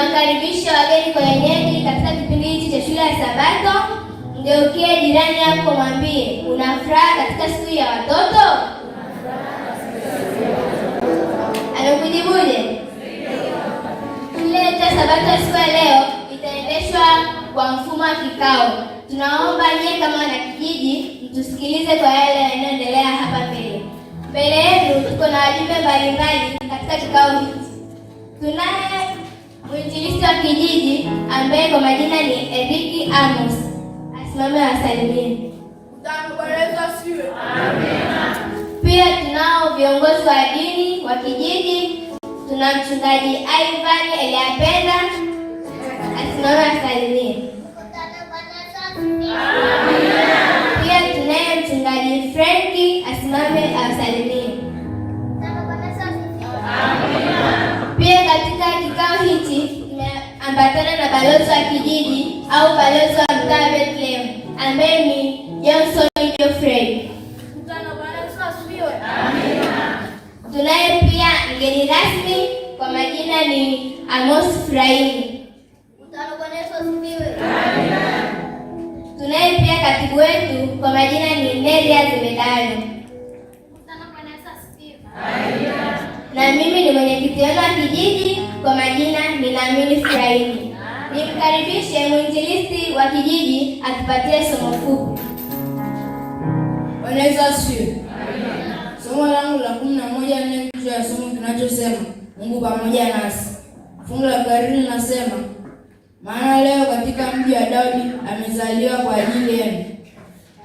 Niwakaribisha wageni kwa wenyeji katika kipindi hiki cha shule ya Sabato. Mgeukie jirani yako, mwambie una furaha katika siku ya watoto. Amekujibuje? Shule yetu ya Sabato siku ya leo itaendeshwa kwa mfumo wa kikao. Tunaomba nyie kama wanakijiji mtusikilize kwa yale yanayoendelea hapa mbele. Mbele yetu tuko na wajumbe mbalimbali katika kikao hiki tunaye Mwinjilisti wa kijiji ambaye kwa majina ni Eriki Amos asimame awasalimie. Utakubarika siwe. Amina. Pia tunao viongozi wa dini wa kijiji, tuna mchungaji Ivan Eliapenda asimame Amina. Pia tunaye mchungaji Frenki asimame awasalimie. Pia katika kikao hii ameambatana na balozi wa kijiji au balozi wa mtaa Bethlehem ambaye ni Johnson Geoffrey. balozi Amina. Tunaye pia mgeni rasmi kwa majina ni Amos Fraini. Tunaye pia katibu wetu kwa majina ni Nelia Zemedayo na mimi ni mwenyekiti wenu wa kijiji kwa majina ni Lamini Furaini. Nimkaribishe mwinjilisti wa kijiji atupatie somo fupi. Wanaweza sio? Somo langu la kumi na moja nne kichwa ya somo kinachosema Mungu pamoja nasi. Fungu la Biblia linasema maana leo katika mji wa Daudi amezaliwa kwa ajili yenu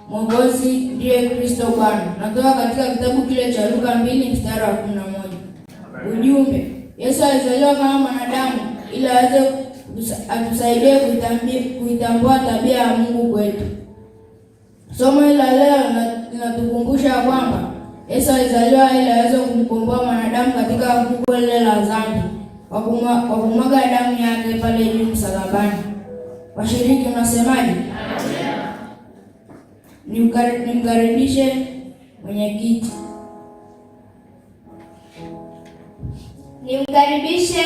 Mwokozi ndiye Kristo Bwana. Natoka katika kitabu kile cha Luka mbili mstari wa kumi na moja. Ujumbe Yesu alizaliwa kama mwanadamu ili aweze atusaidie kuitambua tabia ya Mungu kwetu. Somo hili la leo linatukumbusha kwamba Yesu alizaliwa ili aweze kumkomboa mwanadamu katika anguko lile la dhambi kwa kumwaga damu yake pale juu msalabani. Washiriki, mnasemaje? Nimkaribishe mwenyekiti. nimkaribishe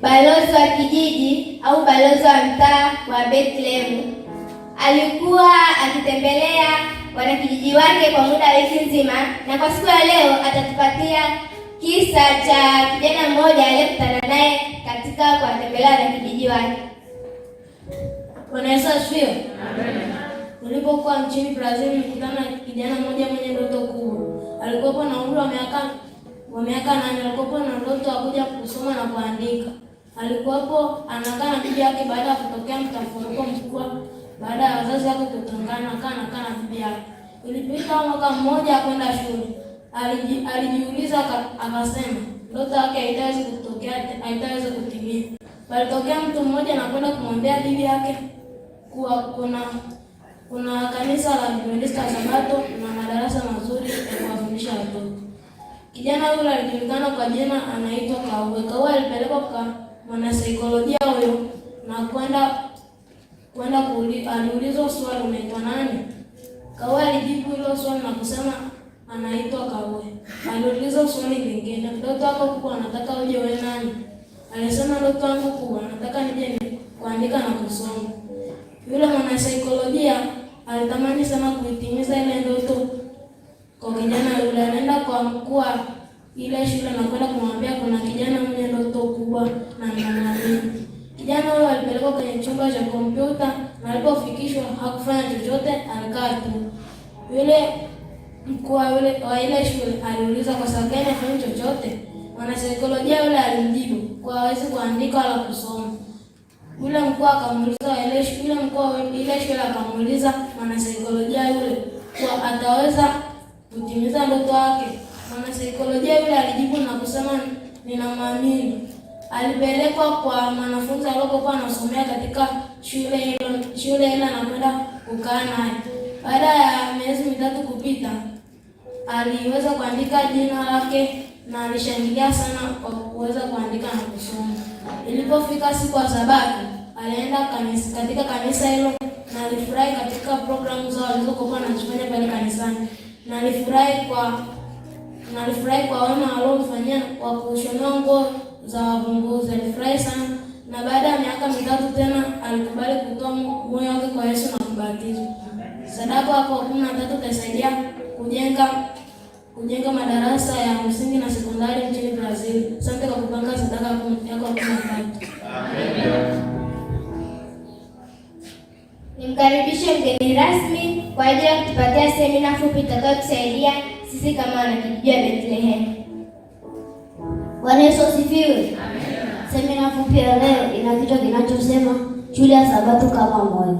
balozi wa kijiji au balozi wa mtaa wa Bethlehem. Alikuwa akitembelea wanakijiji wake kwa muda wa wiki nzima, na kwa siku ya leo atatupatia kisa cha kijana mmoja aliyekutana naye katika kuwatembelea wanakijiji wake. Bwana Yesu asifiwe. Amen. Ulipokuwa nchini Brazil, nilikutana na kijana mmoja mwenye ndoto kubwa. Alikuwa na umri wa miaka wa miaka nane alikuwa na ndoto ya kuja kusoma na kuandika. Alikuwapo anakaa na bibi yake baada ya kutokea mtafaruko mkubwa baada ya wazazi wake kutengana, anakaa na bibi yake. Ilipita mwaka mmoja akwenda shule, alijiuliza akasema ndoto yake haitaweza kutokea, haitaweza kutimia. Palitokea mtu mmoja na kwenda kumwambia bibi yake kuwa kuna kuna kanisa la Adventista Sabato na madarasa mazuri ya kuwafundisha watoto. Kijana yule alijulikana kwa jina anaitwa Kawe. Kawe alipelekwa kwa mwanasaikolojia huyo na kwenda kwenda aliulizwa swali, unaitwa nani? Kawe alijibu hilo swali na kusema anaitwa Kawe. Aliulizwa swali lingine, ndoto yako kubwa anataka uje wewe nani? Alisema ndoto yangu kubwa anataka nije kuandika na kusoma. Yule mwanasaikolojia alitamani sana kuitimiza ile ndoto kwa kijana yule. Anaenda kwa mkuu wa ile shule na kwenda kumwambia kuna kijana mwenye ndoto kubwa na mwanamke. Kijana huyo alipelekwa kwenye chumba cha kompyuta na alipofikishwa hakufanya chochote, alikaa tu. Yule mkuu wa ile shule aliuliza kwa sababu gani hafanyi chochote. Mwanasaikolojia yule alimjibu kwa hawezi kuandika wala kusoma. Yule mkuu akamuuliza ile shule, yule mkuu ile shule akamuuliza mwanasaikolojia yule kwa ataweza kutimiza ndoto yake. Mwanasaikolojia yule alijibu na kusema, ninamwamini. Alipelekwa kwa mwanafunzi aliyokuwa anasomea katika shule hilo shule ile anakwenda kukaa naye. Baada ya miezi mitatu kupita, aliweza kuandika jina lake na alishangilia sana kwa kuweza kuandika na kusoma. Ilipofika siku ya Sabato, alienda kanisa, katika kanisa hilo na alifurahi katika programu zao alizokuwa anazifanya pale kanisani na nifurahi kwa na nifurahi kwa wema waliomfanyia kwa kushonewa nguo za wavumbuzi. Alifurahi sana, na baada ya miaka mitatu tena alikubali kutoa moyo wake kwa Yesu na kubatizwa. Sadaka hapo kumi na tatu itasaidia kujenga kujenga madarasa ya msingi na sekondari nchini Brazil. Asante kwa kupanga sadaka yako kumi na tatu. Amen. Nimkaribishe mgeni rasmi kwa ajili ya kutupatia semina fupi itakayotusaidia sisi kama wanakijiji wa Bethlehem. Bwana Yesu asifiwe. Semina fupi ya leo ina kichwa kinachosema shule ya sabato kama moyo.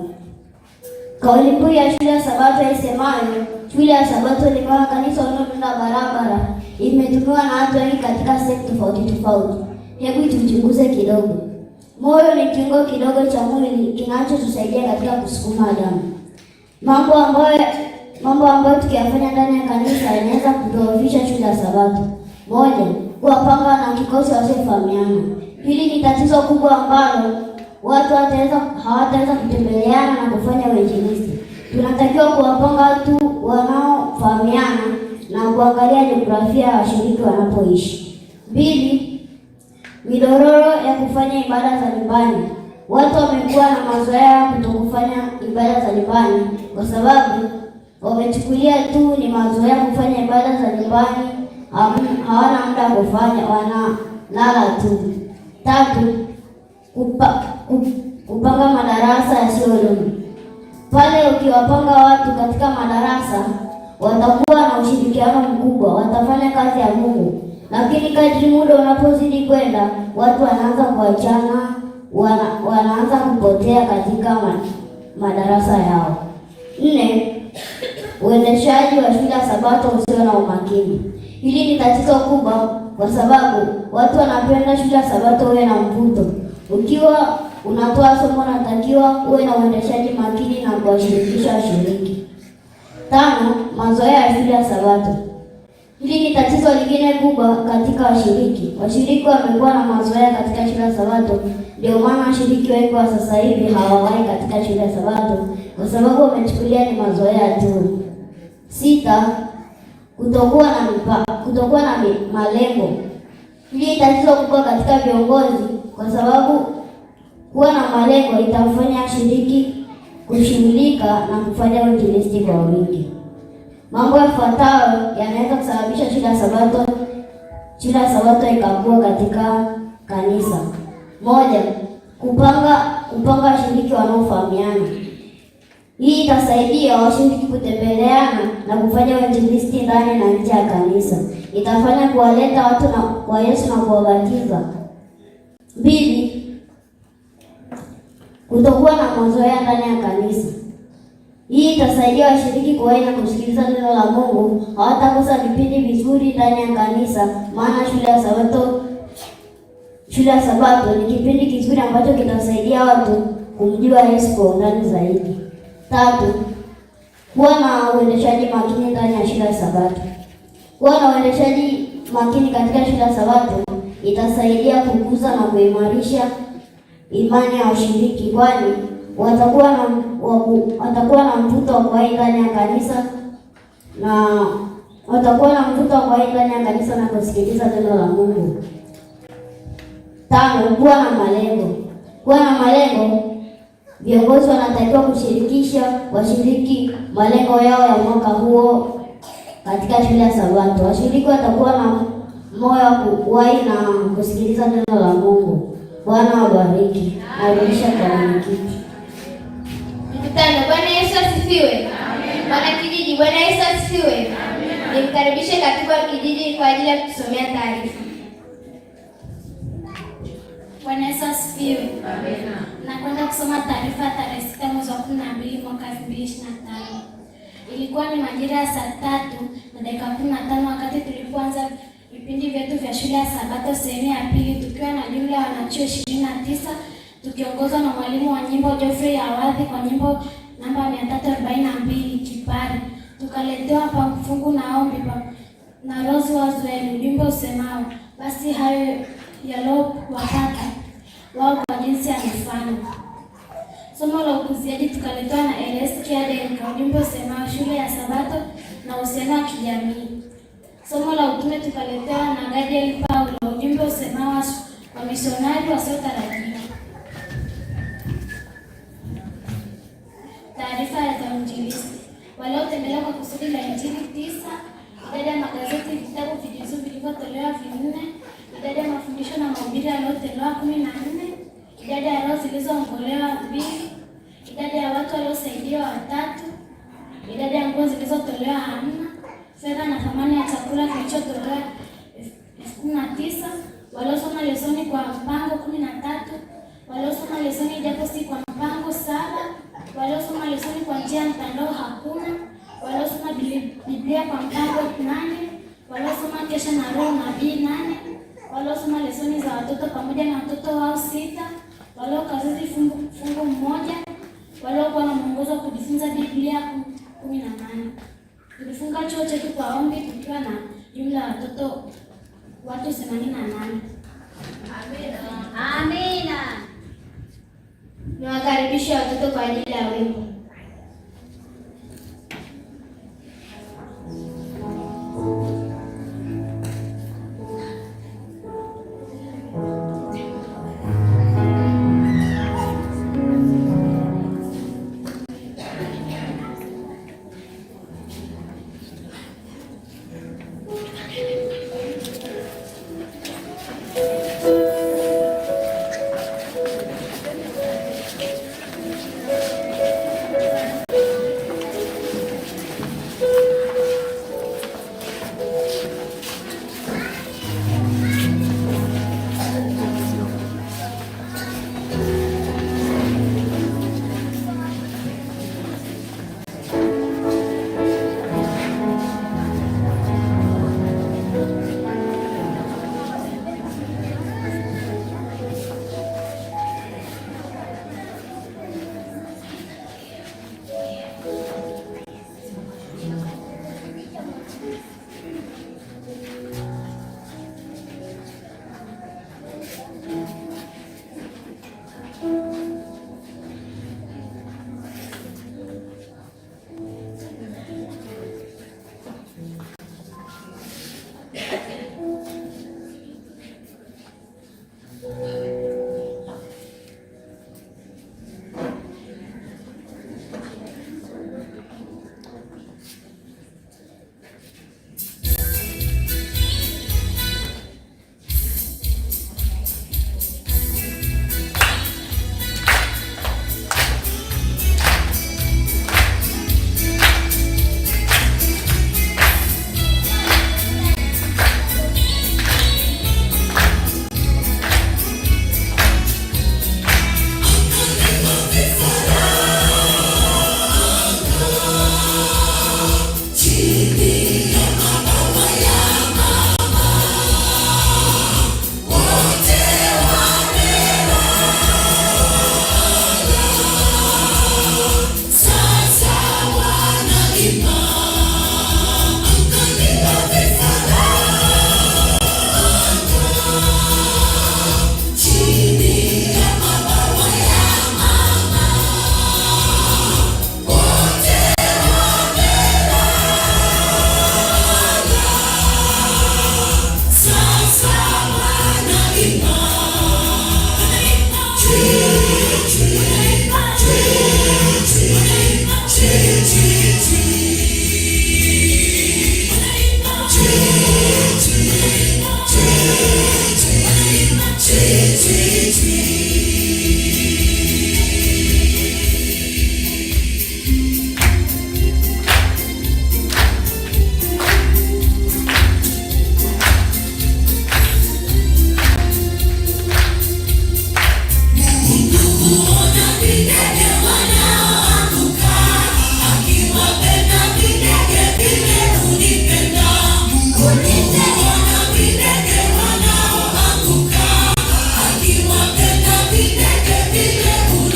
Kauli mbiu ya shule ya sabato isemayo shule ya sabato ni kama kanisa unaotunda barabara, imetumiwa na watu wengi katika sekta tofauti tofauti. Hebu tuchunguze kidogo. Moyo ni kiungo kidogo cha mwili kinachotusaidia katika kusukuma damu. Mambo ambayo mambo ambayo tukiyafanya ndani ya kanisa yanaweza kudhoofisha shule ya Sabato. Moja, kuwapanga na kikosi wasiofahamiana. Hili ni tatizo kubwa ambalo watu wataweza hawataweza kutembeleana na kufanya uinjilisti. Tunatakiwa kuwapanga watu wanaofahamiana na kuangalia jiografia ya washiriki wanapoishi. Mbili, Midororo ya kufanya ibada za nyumbani. Watu wamekuwa na mazoea ya kutokufanya ibada za nyumbani kwa sababu wamechukulia tu ni mazoea kufanya ibada za nyumbani, hawana muda wa kufanya, wanalala tu. Tatu, kupa, kupanga madarasa yasiyo elimu. Pale ukiwapanga watu katika madarasa, watakuwa na ushirikiano mkubwa, watafanya kazi ya Mungu. Lakini kadri muda unapozidi kwenda, watu wanaanza kuachana, wana, wanaanza kupotea katika madarasa yao. Nne, uendeshaji wa shule ya Sabato usio na umakini. Hili ni tatizo kubwa, kwa sababu watu wanapenda shule ya Sabato uwe na mvuto. Ukiwa unatoa somo, natakiwa uwe na uendeshaji makini na kuwashirikisha washiriki. Tano, mazoea ya shule ya Sabato. Hili ni tatizo lingine kubwa katika washiriki. Washiriki wamekuwa na mazoea katika shule ya Sabato, ndio maana washiriki wengi wa sasa hivi hawawahi katika shule ya Sabato kwa sababu wamechukulia ni mazoea tu. Sita, kutokuwa na kutokuwa na malengo. Hili ni tatizo kubwa katika viongozi, kwa sababu kuwa na malengo itamfanya shiriki kushughulika na kufanya uinjilisti kwa wingi. Mambo yafuatayo yanaweza kusababisha shida ya Sabato, shida ya Sabato ikakua katika kanisa. Moja, kupanga kupanga washiriki wanaofahamiana. Hii itasaidia washiriki kutembeleana na kufanya uinjilisti ndani na nje ya kanisa. Itafanya kuwaleta watu na kwa Yesu na kuwabatiza. Mbili, kutokuwa na mazoea ndani ya kanisa. Hii itasaidia washiriki kuwahi kusikiliza neno la Mungu, hawatakosa vipindi vizuri ndani ya kanisa, maana shule ya Sabato, shule ya Sabato ni kipindi kizuri ambacho kitasaidia watu kumjua Yesu kwa undani zaidi. Tatu, kuwa na uendeshaji makini ndani ya shule ya Sabato. Kuwa na uendeshaji makini katika shule ya Sabato itasaidia kukuza na kuimarisha imani ya washiriki kwani watakuwa na watakuwa na mtoto wa kuwahi ndani ya kanisa na watakuwa na mtoto wa kuwahi ndani ya kanisa na kusikiliza neno la Mungu. Tano, kuwa na malengo. Kuwa na malengo, viongozi wanatakiwa kushirikisha washiriki malengo yao ya mwaka huo katika shule ya Sabato. Washiriki watakuwa na moyo wa kuwahi na kusikiliza neno la Mungu. Bwana wabariki. Narudisha kwa mwenyekiti asifiwe. Bwana kijiji, Bwana Yesu asifiwe. Nimkaribishe katibu wa kijiji kwa ajili ya kutusomea taarifa. Bwana Yesu asifiwe. Nakwenda kusoma taarifa tarehe sita mwezi wa kumi na mbili mwaka elfu mbili ishirini na tano. Ilikuwa ni majira ya saa tatu na dakika kumi na tano wakati tulipoanza vipindi vyetu vya shule ya Sabato sehemu ya pili, tukiwa na jumla ya wanachuo ishirini na tisa tukiongozwa na mwalimu wa nyimbo Geoffrey Awadhi kwa nyimbo namba 342 Kipare, tukaletewa Pakufungu na ombi na Rose Wazueli, wimbo usemao basi hayo yaliyowapata wao kwa jinsi ya mfano. Somo la ukuziaji tukaletewa na Ernest Kiaden usemao shule ya Sabato na uhusiano wa kijamii. Somo la utume tukaletewa na Gadiel Paulo, ujumbe usemao wa misionari wasiotarajiwa. taarifa za uinjilisti waliotembelea kwa kusudi la injili tisa, idadi ya magazeti, vitabu, vijuzu vilivyotolewa vinne, idadi ya mafundisho na mahubiri yaliyotolewa kumi na nne, idadi ya roho zilizoongolewa mbili, idadi ya watu waliosaidiwa watatu, idadi ya nguo zilizotolewa hamna, fedha na thamani ya chakula kilichotolewa elfu kumi na tisa, waliosoma lesoni kwa mpango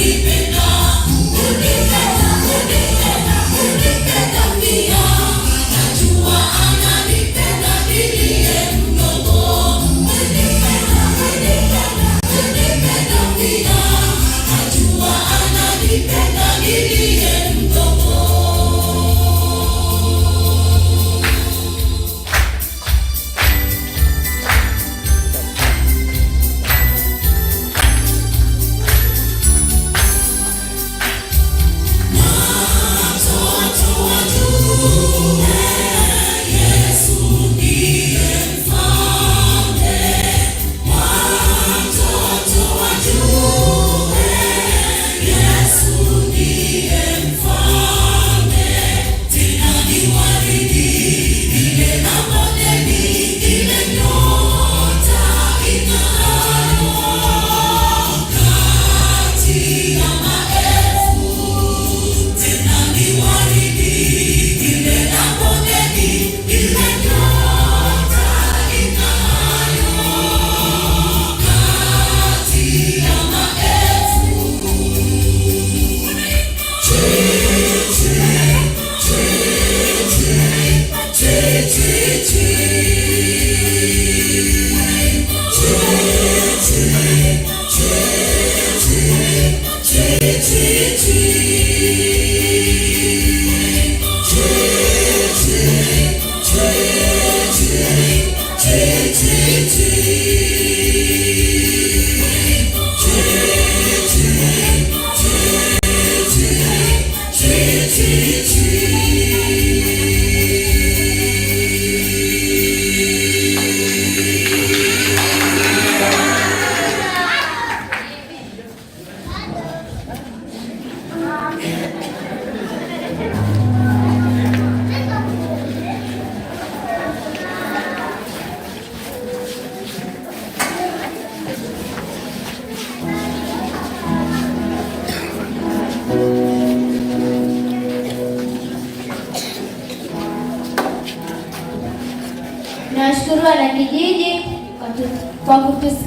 keep it.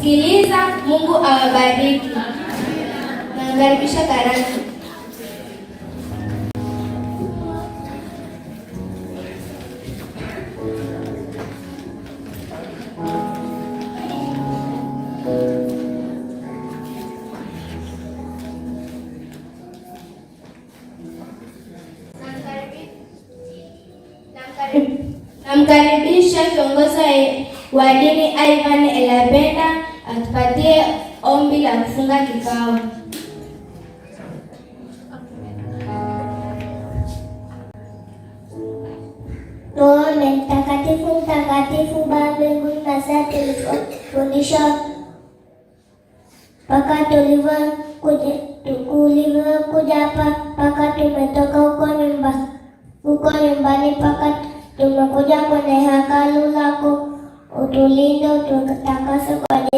kusikiliza. Mungu awabariki. Namkaribisha Karani. Namkaribisha kiongozi wa dini Ivan Elabenda atupatie ombi la kufunga kikao. Tuone mtakatifu, mtakatifu Baba mbinguni na sasa tulivyofundishwa mpaka kuja hapa mpaka tumetoka huko nyumba huko nyumbani mpaka tumekuja kwenye hekalu lako, utulinde, ututakase kwa